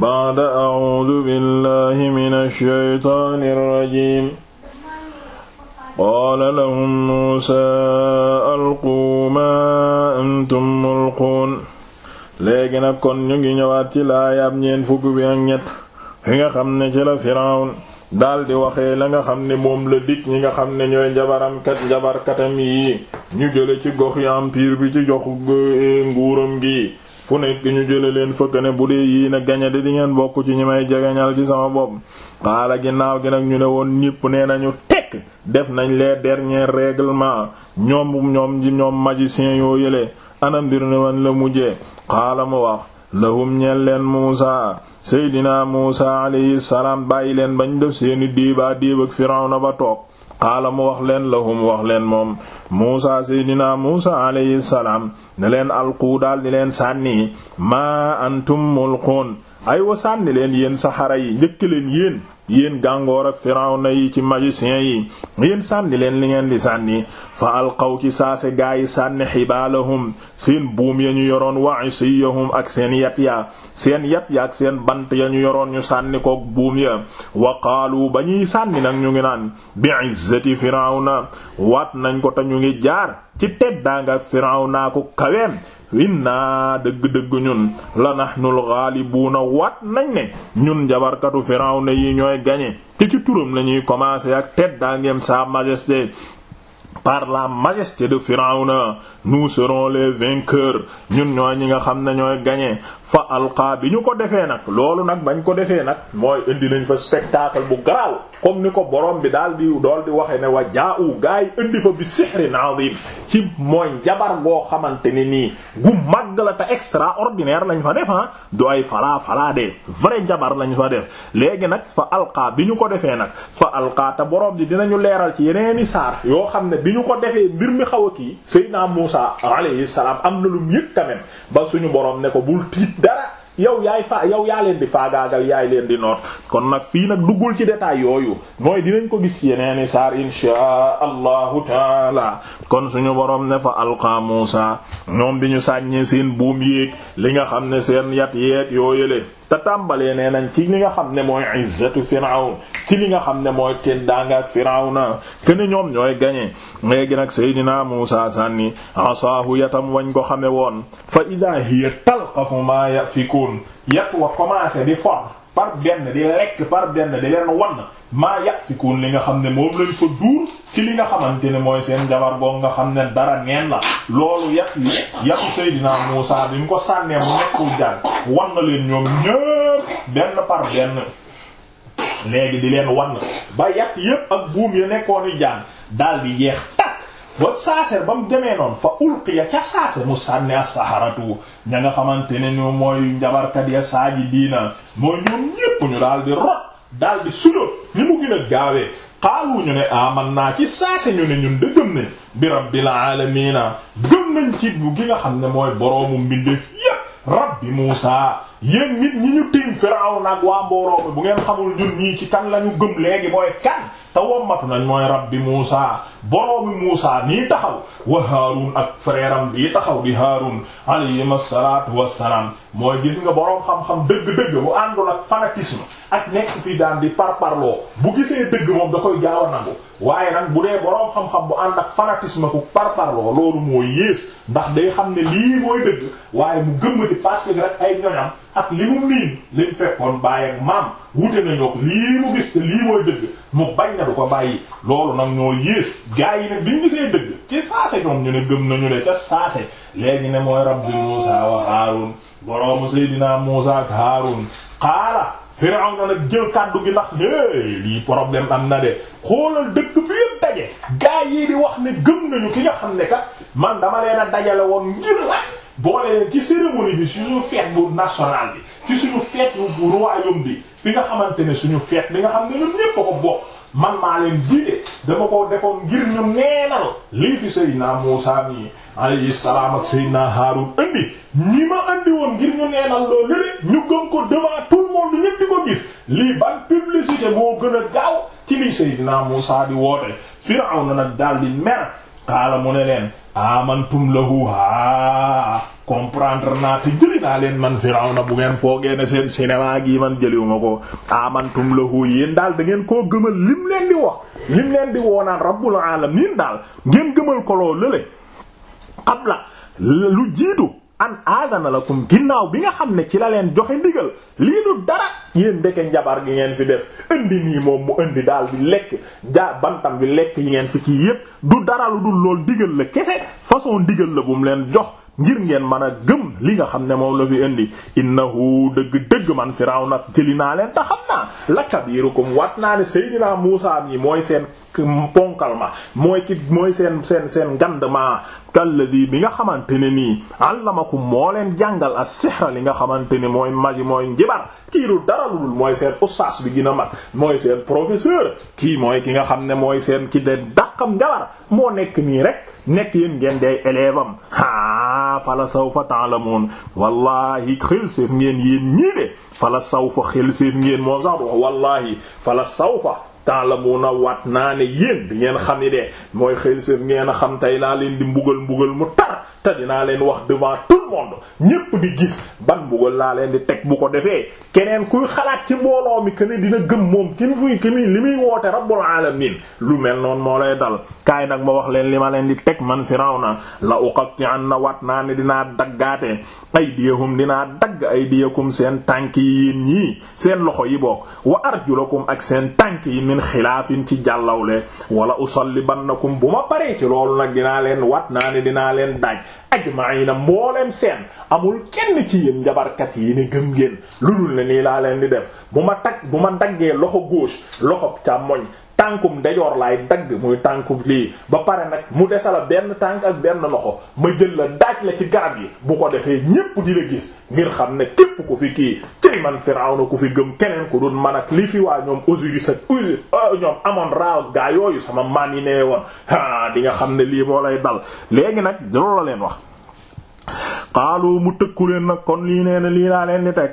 بعد أعوذ بالله من الشيطان الرجيم قال لهم موسى ألقوا ما أنتم ملقون léegi nag kon ñu ngi ñëwaat ci laayaab ñeent fukk bi ak ñett fi nga xam ne ci la Firawun daldi waxee la nga xam ne moom la dig ñi nga xam ne ñooy njabaramkat njabarkatam yi ñu jële ci gox yi empire bi ci jox eh, nguuram gi fu nekk ñu jële leen fëkk ne bu dee yii na gañe di ngeen bokk ci ñi may jegeñal ci sama bopp xaala ginnaaw gi nag ñu ne woon ñépp nee nañu tekk def nañ les derniers règlements ñoom ñoom ji ñoom magicien yoo yële ana mbir ne man la mujjee xaala mu wax lahum ñeel leen Muusa Seydina Muusa alayhi salaam bàyyi leen bañ def seeni déebaa déeb ak Firawna ba toog qaala mu wax leen lahum wax leen moom Muusa seydinaa Muusa alayhi salaam ne leen alquu daal di leen sànni maa antum mulquun aywa sànni leen yéen saxara yi njëkk leen yéen yéen gàngoor ak firawna yi ci magiciens yi yéen sànni leen li ngeen di sànni fa alqaw ci saase gaa yi sànni xibaalahum seen buum ya ñu yoroon wa isiyahum ak seen yat ya seen yat ya ak seen bant ya ñu yoroon ñu sànni kook buum ya wa qaalu ba ñuy sànni nag ñu ngi naan bi izzati firawna waat nañ ko te ñu ngi jaar ci teddaanga firawna ko kaweem inna dëgg-dëgg ñun la nahnul ghaalibuuna waat nañ ne ñun jabarkatu Firawna yi ñooy gañe te ci turam la ñuy commencer ak teddaangeem sa majesté par la majesté de Firawna nous serons les vainqueurs ñun ñooy ñi nga xam ne ñooy gañee fa alqa bi ñu ko defee nag loolu nag bañ ko defee nag mooy indi nañ fa spectacle bu garaaw comme ni ko borom bi daal di dool di waxee ne wa jaa u gaa yi indi fa bi sihrin azim ci mooy njabar goo xamante ne nii gu màgg la te extraordinaire lañ fa def ah du ay falaa falaa de vrai njabar lañ fa def léegi nag fa alqa bi ñu ko defee nag fa alqa te borom bi dinañu leeral bi ñu ko defee mbir mi xaw a kii Seydina Muusa alayhi salaam am na lu mu yëg quand ba suñu borom ne ko bul tiit dara yow yaay faa yow yaa leen di faagaagal yaay leen di noot kon nag fii nag duggul ci détail yooyu mooy dinañ ko gis yeneen i saar inshaa allahu taala kon suñu borom ne fa alqa Muusa ñoom bi ñu sàññee seen buum yéeg li nga xam ne seen yat yeeg yooyule te tàmbalee nee nañ ci li nga xam ne mooy izzatu firawn ci li nga xam ne mooy teddaanga firawna kuene ñoom ñooy gañee léegi nag seydina Muusaa sànni asaahu yatam wañ ko xame woon fa idaa hiya talqafu maa yafikuun yat wa commencé di for par benn di lekk par benn di leen wan maa yafikuun li nga xam ne moom lañ fa duur ci li nga xamante ne mooy seen jabar boo nga xam ne dara neen la loolu yat yi yatu seydina Muusaa bi mu ko sànnee mu nekkul jàng wan na leen ñoom ñëpp benn par benn léegi di leen wan ba yàq yépp ak buum ya nekkooni jaan daal di jeex takk ba saaseer ba mu demee noonu fa ulqiya ca saase mu sànni as-saharatu ña nga xamante ne ñu mooy njabarkat ya saaji diina mooy ñoom ñépp ñu daal di rot daal di sujjóot ni mu gën gaawee xaalu ñu ne aman naa ci saase ñu ne ñun de gëm nañ bi rabbil alamina gëm nañ ci bu gi nga xam ne mooy boroomu mbindeef rabbi Muusa yéen nit ñi ñu tiim Firawna ak waa mbooloo bu ngeen xamul ñun nii ci kan lañu ñu gëm léegi mooy kan te wommatu nañ mooy rabbi Muusa boroomi Muusa nii taxaw wa Haarun ak frère am bii taxaw di Haarun alayhim asalaatu wassalaam mooy gis nga boroom xam-xam dëgg-dëgg bu àndul ak fanatisme ak nekk fii daan bu gisee dëgg moom da koy gaaw nangu waaye nag bu dee boroom xam-xam bu ànd ak fanatisme ku parparloo loolu mooy yées ndax day xam ne lii mooy dëgg waaye mu gëmm ci parce que rek ay ñoñam ak li mu miin liñ fekkoon bàyyi ak maam wute nañu lii mu gis te lii mooy dëgg mu bañ na du ko bàyyi loolu nag ñoo yées gaa yi ne biñ dëgg ci saase ñoom ñu ne gëm nañu de ca saase léegi ne mooy rabbi Muusa wa Haarun boroomu Seydina Muusa ak Haarun xaala Firawna nag jël kàddu gi ndax é lii problème am na de xoolal dëkk bi yëpp daje gaa yi di wax ne gëm nañu ki nga xam ne kat man dama leen a dajale woon ngir la boole leen ci cérémonie bi suñu fête bu nationale bi ci suñu fête bu royaume bi fi nga xamante ne suñu fête bi nga xam ne ñun ñépp ko bokk man maa leen jiite dama ko defoon ngir ñu neenal lii fi Seydina Muusaa mi alayhi salaam ak Seydina Haarun indi ñi ma indi woon ngir ñu neenal loolu lële ñu gëm ko devant tout le monde ñépp di ko gis lii ban publicité moo gën a gaaw ci lii Seydina Muusaa di woote Firawna nag daal mer xaala mu ne leen amantum lahu ha comprendre naa te jëli naa leen man Firawna bu ngeen foogee ne seen cinéma gi man jëliwuma ko amantum lahu yéen daal da ngeen koo gëmal lim leen di wax lim leen di woonaan rabbul alamin daal ngeen gëmal ko loo lële qabla lu jiitu an la lakum ginnaaw bi nga xam ne ci la leen joxe ndigal lii du dara yéen ndeke njabar gi ngeen fi def indi nii moom mu indi daal bi lekk ja bantam bi lekk yi ngeen fi kii yëpp du dara lu dul lool ndigal la kese façon ndigal la bu leen jox ngir ngeen mën a gëm li nga xam ne moom la fi indi innahu dëgg dëgg man nag jëli naa leen tax xam naa la mu wat naa ne Seydina Muusaa mi mooy seen ponkal ma mooy ki mooy seen seen seen ngand ma bi nga xamante ne nii allamakum moo leen jàngal as-sihra li nga xamante ne mooy maji mooy njibar dara lu dul mooy seen ustaas bi gën mag mooy seen professeur kii mooy ki nga xam ne mooy seen ki de dàqam njabar moo nekk nii rek nekk yéen ngeen day élève am fala sawfa ta'lamun wallaahi xel seef ngeen yéen ñii de fala sawfa xel seef ngeen moom sax wax wallaahi fala sawfa ta'lamuna waat naa ne yéen di ngeen xam ni de mooy xel seef ngeen a xam tey laa leen di mbugal mbugal mu tar te dinaa leen wax devant tout le monde di gis ban mbugal laa leen di teg bu ko defee keneen kuy xalaat ci mbooloo mi keneen dina gëm moom kin fuy kimi li muy woote rabbul alamin lu mel noonu moo lay dal kaay nag ma wax leen li ma leen di teg man na la uqatti'anna wat naa ne dinaa daggaate aydiyahum dinaa dagg aydiyakum seen tànk yi yéen seen loxo yi bokk wa arjulakum ak seen tànk yi min xilaafin ci jàllawle wala usallibannakum bu ma paree ci loolu nag dinaa leen wat naa ne dinaa leen daaj ajmaina mbooleem seen amul kenn ci yéen njabarkat yi ne gëm ngeen lu dul ne nii laa leen di def bu ma tag bu ma daggee loxo gauche loxo càmmoñ tànkum ndejoor laay dagg muy tànkum lii ba pare nag mu desala benn tànk ak benn loxo ma jël la daaj la ci garab yi bu ko defee ñépp di gis ngir xam ne képp ku fi kii cëy man Firawna ku fi gëm keneen ku dul man ak li fi waa ñoom Osiris ak Usi ñoom amoon raaw gaa yooyu sama maan yi nee woon a di nga xam ne lii moo lay dal léegi nag loolu la leen wax xaalu mu tëkku leen nag kon lii nee na lii laa leen di teg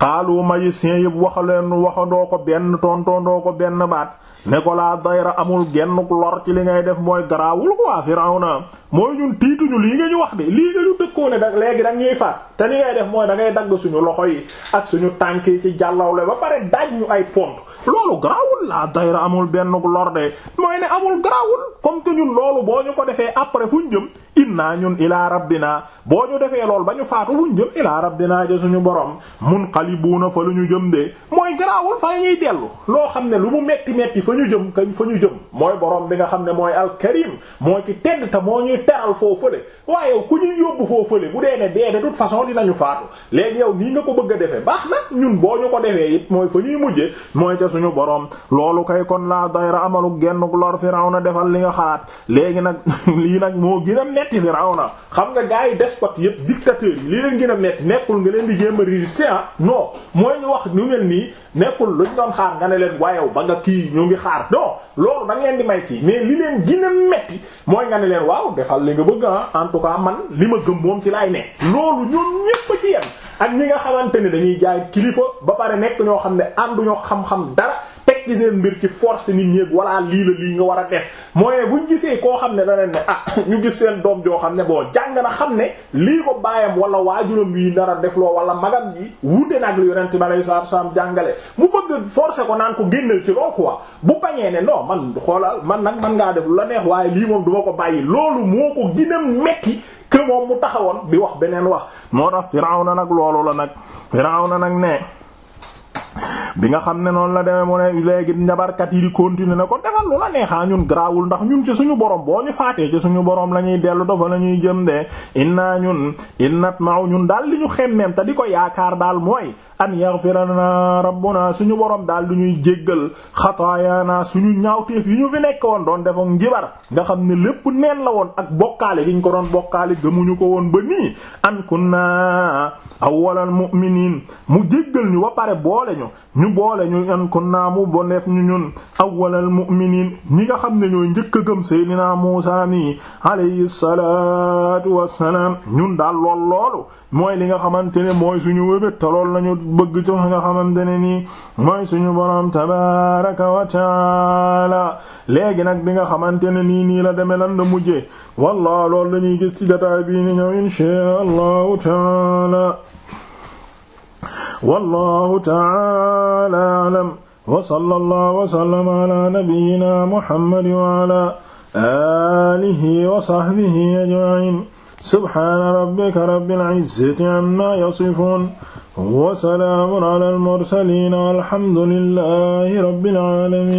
xaalu magicien yëpp wax leen waxandoo ko benn doo ko benn baat ne ko laa dayra amul genn lor ci li ngay def mooy garaawul quoi Firawna mooy ñun tiituñu lii nga ñu wax de lii nga ñu dëkkoo ne da léegi da ñuy faat te li ngay def mooy da ngay dagg suñu loxo yi ak suñu tànk yi ci jàllawle ba pare daaj ñu ay pont loolu garaawul laa dayra amul benn lor de mooy ne amul garaawul comme que ñun loolu boo ñu ko defee après fu ñu jëm inna ñun ilaa rabbina boo ñu defee loolu ba ñu faatu fu ñu jëm suñu borom xaalibuuna fa lu ñu jëm de mooy garaawul fa la dellu loo xam ne lu mu metti metti fa ñu jëm ka fa ñu jëm mooy borom bi nga xam ne mooy alkarim moo ci tedd te moo ñuy teral foo fële waaye ku ñuy yóbbu foo fële bu dee ne dee de toute façon dinañu faatu léegi yow nii nga ko bëgg a defee baax na ñun boo ñu ko defee it mooy fa ñuy mujjee mooy ca suñu borom loolu kay kon laa dayra amalu genn lor Firawna defal li nga xalaat léegi nag lii nag moo gën a metti Firawna xam nga gaay despote yépp dictateur yi lii leen gën di jéem a ah, non mooy ñu wax ñu mel nii nekkul luñ doon xaar nga ne leen waaye ba nga kii ñu ngi xaar doo loolu da leen di may kii mais li leen gën a metti mooy nga ne leen waaw defal li nga bëgg ah, en tout cas man li ma gëm moom ci laay ne loolu ñoom ñépp ci yem ak ñi nga xamante ne dañuy jaay kilifa ba pare nekk ñoo xam ne ànduñoo xam-xam dara tekki seen mbir ci force nit ñéeg walla lii la lii nga war a def mooy ne buñ gisee koo xam ne daneen ne ah ñu gis seen doom joo xam ne boo jàng na xam ne lii ko baayam wala waajuram yi nar a def loo wala magam ji wuute nag li yonent bi alayhi salaatu salaam jàngale mu bëgg forcer ko naan ko génnal ci loo quoi bu bañee ne non man xoolal man nag man ngaa def lu la neex waaye lii moom ko bàyyi loolu moo ko gën a metti que moom mu taxawoon bi wax beneen wax moo tax Firawna nag loolu la nag Firawna nag ne bi nga xam ne noonu la demee mu ne léegi njabarkat yi di continuer na ko defal lu la neexaa ah, ñun graawul ndax ñun ci suñu borom boo ñu faatee ci suñu boroom la ñuy dellu dafa la ñuy jëm de inna ñun innat maaw ñun daal li ñu xemmeem te di ko yaakaar daal mooy an yaghfirana rabbuna suñu borom daal du ñuy jéggal xataayaana suñu ñaaw ñaawteef yi ñu fi nekk woon doon def ak njibar nga xam ne lépp neen la woon ak bokkaale gi ñu ko doon bokkaale gëmuñu ko woon ba nii an kunna awwalal mu'minin mu jéggal ñu ba pare boole ñu ñu boole ñu an kunna mu boneef ñu ñun awwalal mu'miniin ñi nga xam ne ñooy njëkk a gëm seydinaa Muusaa mi alayhi salaatu wassalaam ñun daal lool loolu mooy li nga xamante ne mooy suñu wébét te lool lañu bëgg ci nga xamante ne nii mooy suñu boroom tabaaraka wa taala léegi nag bi nga xamante ne nii nii la demee lan la mujjee wallaa loolu lañuy gis ci jotaay bii ni ñëw inshaa Allahu taala wallahu ta'ala a'lam wa sallallahu wa sallama ala nabiyyina muhammad wa ala alihi wa sahbihi ajma'in subhana rabbika rabbil izzati amma yasifun wa salamun ala al mursalin alhamdulillahi rabbil alamin